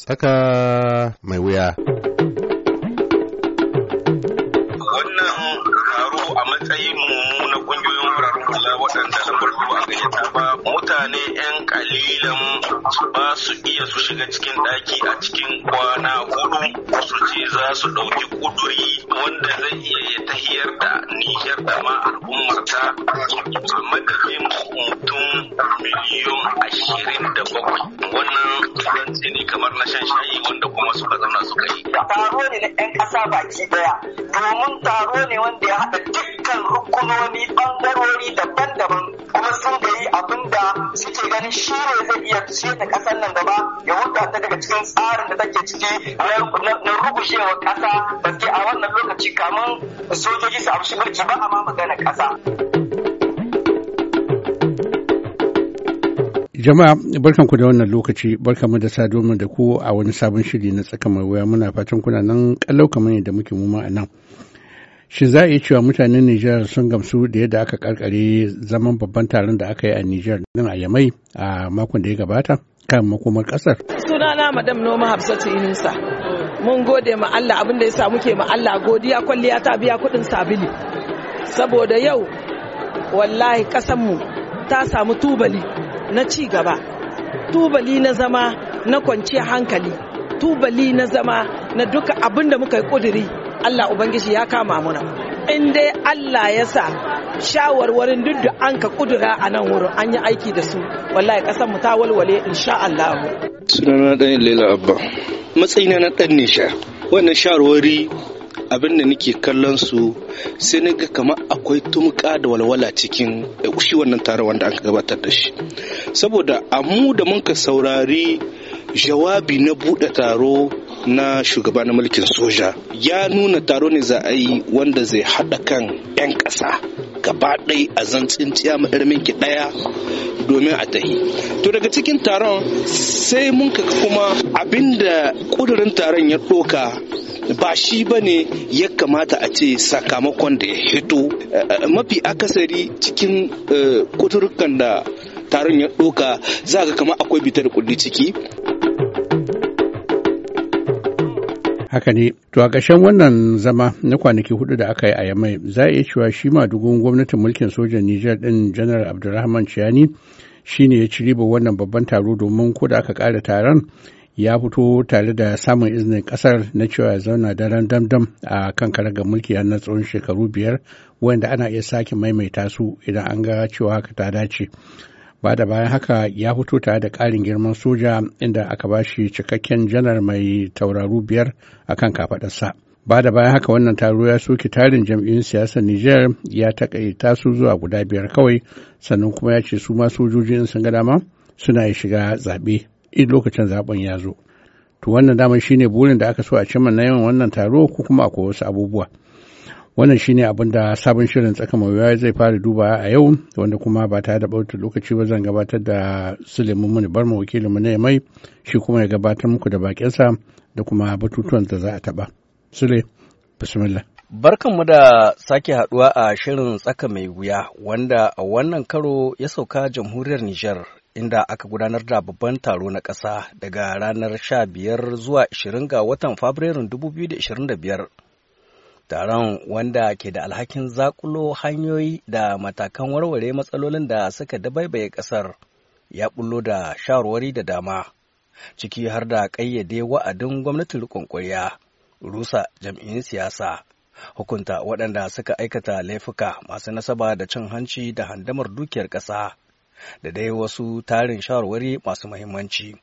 Saka mai wuya. Wannan taro a matsayin mu na ƙungiyoyin wuraren kula waɗanda lambarku a gayyata ba mutane 'yan kalilan ba su iya su shiga cikin ɗaki a cikin kwana hudu su ce za su ɗauki ƙuduri wanda zai iya ya tahiyar da nihiyar da ma al'ummar ta sa baki ɗaya domin taro ne wanda ya haɗa dukkan rukunoni ɓangarori daban-daban kuma sun yi abin da suke ganin shi ne zai iya ta ƙasar nan gaba ya wuta ta daga cikin tsarin da take ciki na rugushewa ƙasa da a wannan lokaci kamun sojoji su amshi mulki ba a ma magana ƙasa. Jama'a barkanku da wannan lokaci mu da sadomin da ku a wani sabon shiri na tsaka mai wuya muna fatan kuna nan kallau kamar yadda muke muma a nan. Shi za a yi cewa mutanen Nijar sun gamsu da yadda aka karkare zaman babban taron da aka yi a Nijar din a Yamai a makon da ya gabata kan makomar kasar. Sunana Madam Noma Hafsatu Inusa. Mun gode ma Allah abin da ya sa muke ma Allah godiya kwalliya ta biya kuɗin sabili. Saboda yau wallahi kasanmu ta samu tubali. na ci gaba tubali na zama na kwanciyar hankali tubali na zama na duka abin da muka yi ƙuduri Allah Ubangiji ya kama muna in dai Allah ya sa shawarwarin duk da an ka ƙudura a nan wurin an yi aiki da su wallahi ƙasar mu ta walwale insha Allah sunana dan Laila Abba matsayina na dan Nisha wannan shawarwari abin da nake kallon su sai na ga kamar akwai tumka da walwala cikin eh, shi wannan taron wanda aka gabatar da shi saboda a mu da muka saurari jawabi na buɗe taro na shugaba na mulkin soja ya nuna taro ne za a yi wanda zai haɗa kan 'yan ƙasa gaba ɗai a zancin ciya ki ɗaya domin a tahi to daga cikin taron sai mun ka kuma abinda ƙudurin taron ya ɗoka ba shi ba ne ya kamata a ce sakamakon da ya hito eh, mafi akasari cikin kuturukan eh, da taron ya ɗoka za ka kama akwai bitar kulli ciki Haka ne, to a ƙarshen wannan zama na kwanaki hudu da aka yi a Yamai za a iya cewa shi ma dugun gwamnatin mulkin sojan Nijar din Janar Abdulrahman Ciyani shi ne ya ci riba wannan babban taro domin ko da aka ƙara taron ya fito tare da samun izinin ƙasar na cewa ya zauna daren damdam a kan karagar mulki na tsawon shekaru biyar wanda ana iya sake maimaita su idan an ga cewa haka ta dace. ba da bayan haka ya fito tare da ƙarin girman soja inda aka ba shi cikakken janar mai tauraru biyar a kan kafaɗarsa ba da bayan haka wannan taro ya soke tarin jam'iyyun siyasar niger ya takaita su zuwa guda biyar kawai sannan kuma ya ce su ma sojojin sun ga dama suna yi shiga zaɓe in lokacin zaɓen ya zo to wannan dama shine burin da aka so a cimma na yawan wannan taro ko kuma akwai wasu abubuwa wannan shine abin da sabon shirin tsaka mai zai fara duba a yau wanda kuma ba tare da bautar lokaci ba zan gabatar da sulemin muni bar wakilinmu na mai shi kuma ya gabatar muku da bakinsa da kuma batutuwan da za a taɓa sule bismillah mu da sake haduwa a shirin tsaka mai wuya wanda a wannan karo ya sauka jamhuriyar Nijar inda aka gudanar da babban taro na ƙasa daga ranar 15 zuwa 20 ga watan Fabrairun 2025. Taron wanda ke da alhakin zakulo hanyoyi da matakan warware matsalolin da suka dabaibaye ƙasar ya bullo da shawarwari da dama, ciki har da ƙayyade wa'adin gwamnatin riƙon rusa jam'in siyasa, hukunta waɗanda suka aikata laifuka masu nasaba da cin hanci da handamar dukiyar ƙasa, da dai wasu tarin shawarwari masu muhimmanci.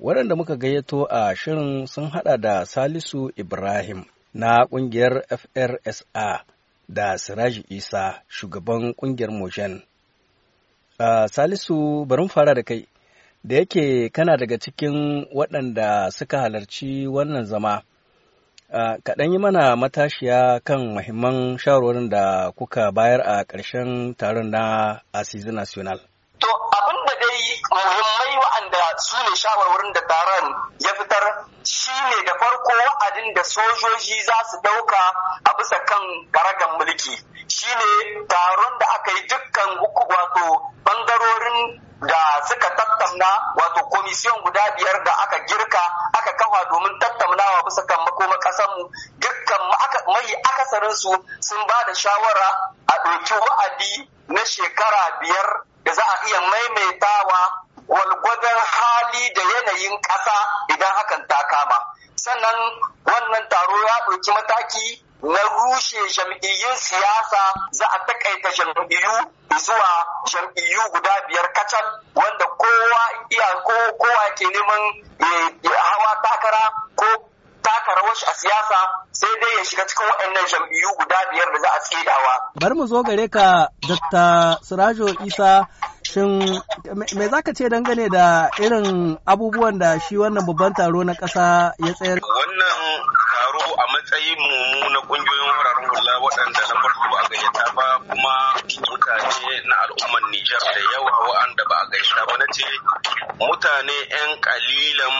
Waɗanda muka gayyato a shirin sun haɗa da Salisu Ibrahim. na ƙungiyar FRSA da Siraj Isa shugaban ƙungiyar Mojen. Uh, Salisu barin fara da kai, da yake kana daga cikin waɗanda suka halarci wannan zama. kaɗan yi mana matashiya kan mahimman shawarwarin da kuka bayar a ƙarshen taron na Asizi National. To abin da dai su ne shawarwarin da taron ya fitar shi ne da farko wa'adin da sojoji za su dauka a bisa kan karagan mulki shi ne taron da aka yi dukkan wato bangarorin da suka tattauna wato komisiyon guda biyar da aka girka aka kafa domin tattaunawa bisa kan makoma kasanmu dukkan mai akasarin su sun ba da shawara a ɗauki wa'adi na shekara biyar da za a iya maimaitawa walgwadon hali da yanayin ƙasa idan hakan ta kama sannan wannan taro ya ɗauki mataki na rushe jam'iyyun siyasa za a takaita jam'iyyu zuwa jam'iyyu guda biyar kacal wanda kowa iya ko kowa ke neman eh, hawa takara ko takara rawar a siyasa sai dai ya shiga cikin waɗannan jam'iyyu guda biyar da za a tsedawa Bari mu zo gare ka Dr. Sirajo Isa Shin me za ka ce dangane da irin abubuwan da shi wannan babban taro na ƙasa ya tsayar? Wannan taro a matsayin mu na ƙungiyoyin wuraren hula waɗanda na farko a gayyata ba kuma mutane na al'ummar Nijar da yawa waɗanda ba a gaisha ba na ce mutane 'yan kalilan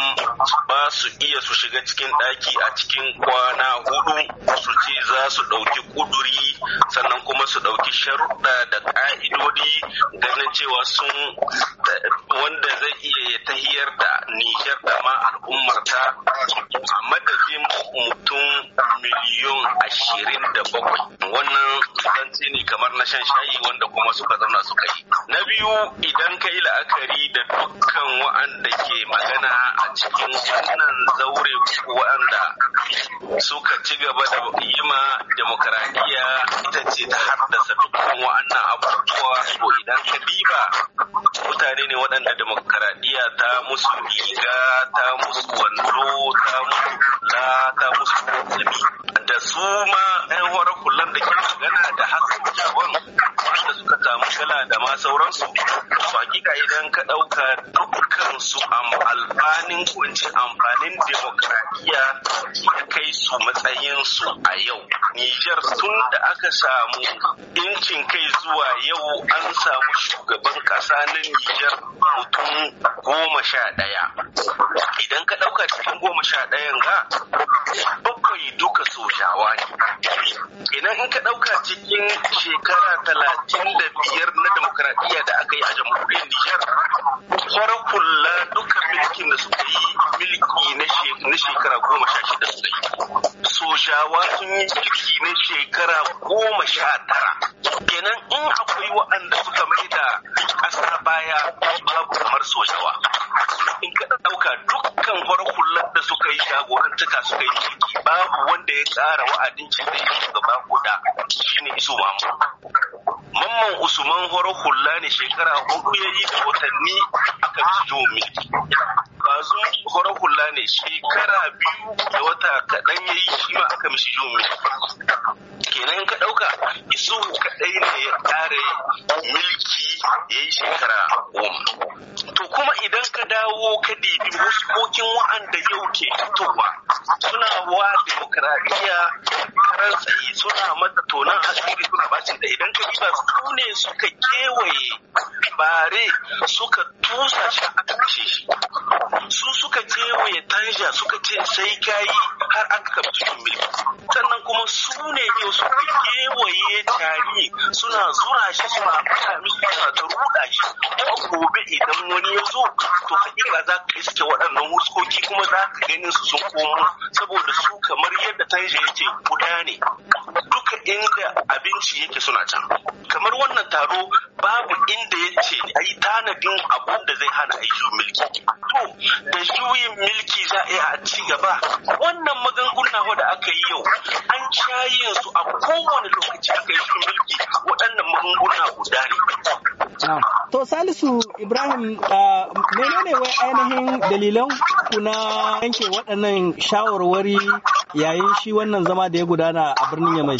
ba su iya su shiga cikin ɗaki a cikin kwana hudu su ce za su ɗauki kuduri sannan kuma su ɗauki sharuɗa da ƙa'idodi ganin cewa sun wanda zai iya ya tahiyar da nishar da ma al'ummar ta a madadin mutum miliyon ashirin da bakwai wannan zanci ne kamar na shan shayi wanda kuma suka zauna suka yi na biyu idan ka yi la'akari da dukkan wa'anda ke magana a cikin wannan zaure wa'anda suka ci gaba da yi ma demokaradiyya ita ce ta haddasa dukkan wa'annan abubuwa so idan ka diba mutane ne waɗanda demokaradiyya ta musu riga ta musu wando ta musu kula ta musu kotsami da su ma ɗan wara kullum da ke magana da hasken jaban wanda suka samu kala da ma sauransu Faki hakika idan ka ɗauka dukkan su alfanin kunci amfanin demokradiyya ya kai su matsayin su a yau Nijar tun da aka samu incin kai zuwa yau an samu shugaban ƙasa na Nijar mutum goma sha ɗaya idan ka ɗauka cikin goma sha ɗayan ga bakwai duka sojawa ne idan in ka ɗauka cikin shekara talatin da biyar na demokradiyya da aka yi a jamhuriyar nijar kwara kula duka mulkin da suka yi mulki na shekara goma sha shida suka yi sojawa sun yi mulki na shekara goma sha tara kenan in akwai waɗanda suka sa baya babu kamar sojawa in ka ɗauka dukkan farkullar da suka yi jagorantaka suka yi mulki babu wanda ya tsara wa'adin cikin shugaba guda shine mamu mamman usman farar ne shekara hudu ya yi da watanni aka cijo mulki Allah ne shekara biyu da wata kaɗan ya yi shi ma aka mishi jomi kenan ka ɗauka isu kaɗai ne ya ƙare mulki ya yi shekara goma to kuma idan ka dawo ka dibi kokin wa'anda yau ke fitowa suna wa demokaradiyya karan tsaye suna mata tonan asiri suna bacin da idan ka diba su ne suka kewaye bare suka tusa shi a kashe shi su suka kewaye ya tanja suka ce sai ka yi har an kafa cikin mulki sannan kuma su ne yau suka kewaye tari suna zura shi suna fara miki suna ta ruda shi ko gobe idan wani ya zo to hakika za ka yi iske waɗannan wuskoki kuma za ka ganin su sun komo saboda su kamar yadda tanja ya ce guda ne duka inda abinci yake suna can kamar wannan taro babu inda ya ce ai tanadin abun da zai hana a mulki to da juyin mulki za a yi a ci gaba wannan maganguna da aka yi yau an shayin su a kowane lokaci aka yi mulki waɗannan magunguna guda ne to salisu ibrahim menene wai ainihin dalilan ku na yanke waɗannan shawarwari yayin shi wannan zama da ya gudana a birnin yamai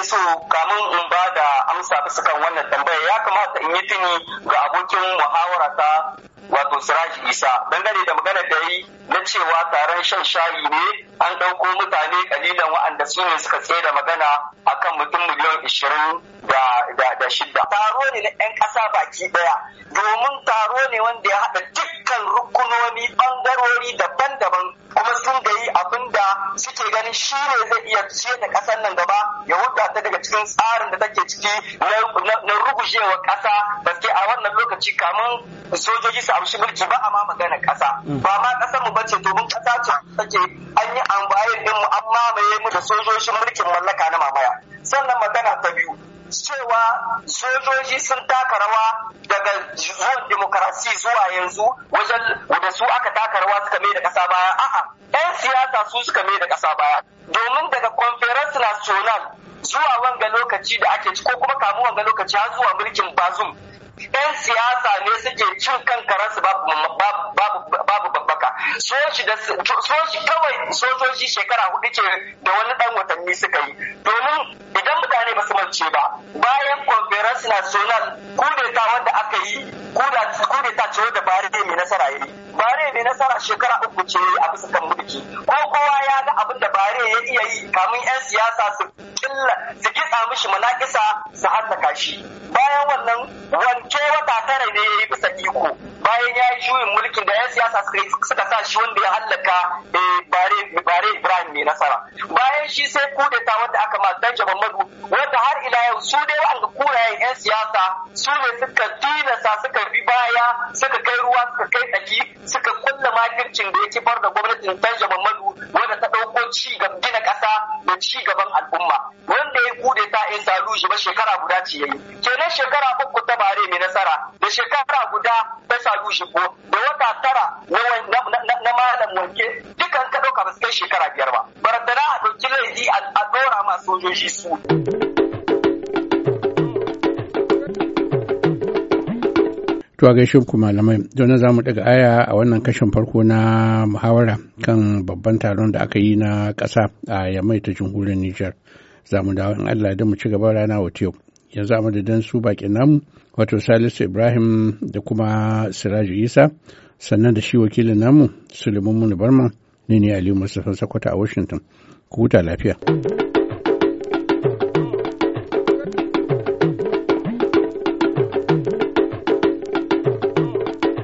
nake so kamun in ba da amsa bisa kan wannan tambaya ya kamata in yi tuni ga abokin muhawara ta wato Siraj Isa dangane da magana da yi na cewa taron shan shayi ne an ɗauko mutane kalilan waɗanda su ne suka tsaye da magana kan mutum miliyan ishirin da shida. Taro ne na 'yan ƙasa baki ɗaya domin taro ne wanda ya haɗa dukkan rukunoni ɓangarori daban-daban kuma sun gayi abin da suke ganin shi ne zai iya ce da ƙasar nan gaba ya huta ta daga cikin tsarin da take ciki na rugujewa ƙasa gaske a wannan lokaci kamun sojoji su amshi mulki ba a ma magana ƙasa ba ma ƙasar mu bace domin ƙasa ce take an yi ambayin din mu an mamaye mu da sojojin mulkin mallaka na mamaya sannan magana ta biyu cewa sojoji sun taka rawa daga zuwan demokarasi zuwa yanzu wajen da su aka taka rawa suka mai da ƙasa baya a'a 'yan siyasa su suka mai da ƙasa baya domin daga conference national zuwa wanga lokaci da ake ci ko kuma kamu wanga lokaci har zuwa mulkin bazum 'yan siyasa ne suke cin kan karansu babu babbaka soji kawai sojoji shekara hudu ce da wani ɗan watanni suka yi domin idan mutane ba su mance ba bayan conference national kudeta wanda aka yi kudeta ce wanda bari mai nasara yi bari mai nasara shekara uku ce a bisa kan mulki ko kowa ya ga abin da bare ya iya yi kamin 'yan siyasa su killa su kitsa mishi munakisa su hannaka shi bayan wannan wanke wata tara ne ya yi bisa iko bayan ya yi juyin mulkin da 'yan siyasa suka sa shi wanda ya hallaka eh, bare ibrahim mai nasara bayan shi sai kudeta wanda aka ma danja mamadu wanda har ila yau su dai wa'anga kurayen 'yan siyasa su ne suka tilasta suka bi baya suka kai ruwa suka kai tsaki suka kulla makircin da ya kifar da gwamnatin Tanja Mamadu wanda ta ɗauko ci gina ƙasa da ci gaban al'umma wanda ya kude ta ya salu shi ba shekara guda ce yayi kenan shekara uku ta bare mai nasara da shekara guda ta salu ko da wata tara na malam wanke dukan ka ɗauka ba su kai shekara biyar ba barantana a ɗauki laifi a ɗora ma sojoji su. To a gaishe ku malamai, don za mu daga aya a wannan kashin farko na muhawara kan babban taron da aka yi na kasa a Yamai ta jamhuriyar Nijar. Za mu dawo in Allah da mu ci gaba rana wata yau. Yanzu a madadin su bakin namu wato Salisu Ibrahim da kuma Siraju Isa sannan da shi wakilin namu Suleiman Muni ne ne Aliyu Mustapha sokoto a Washington. Ku huta lafiya.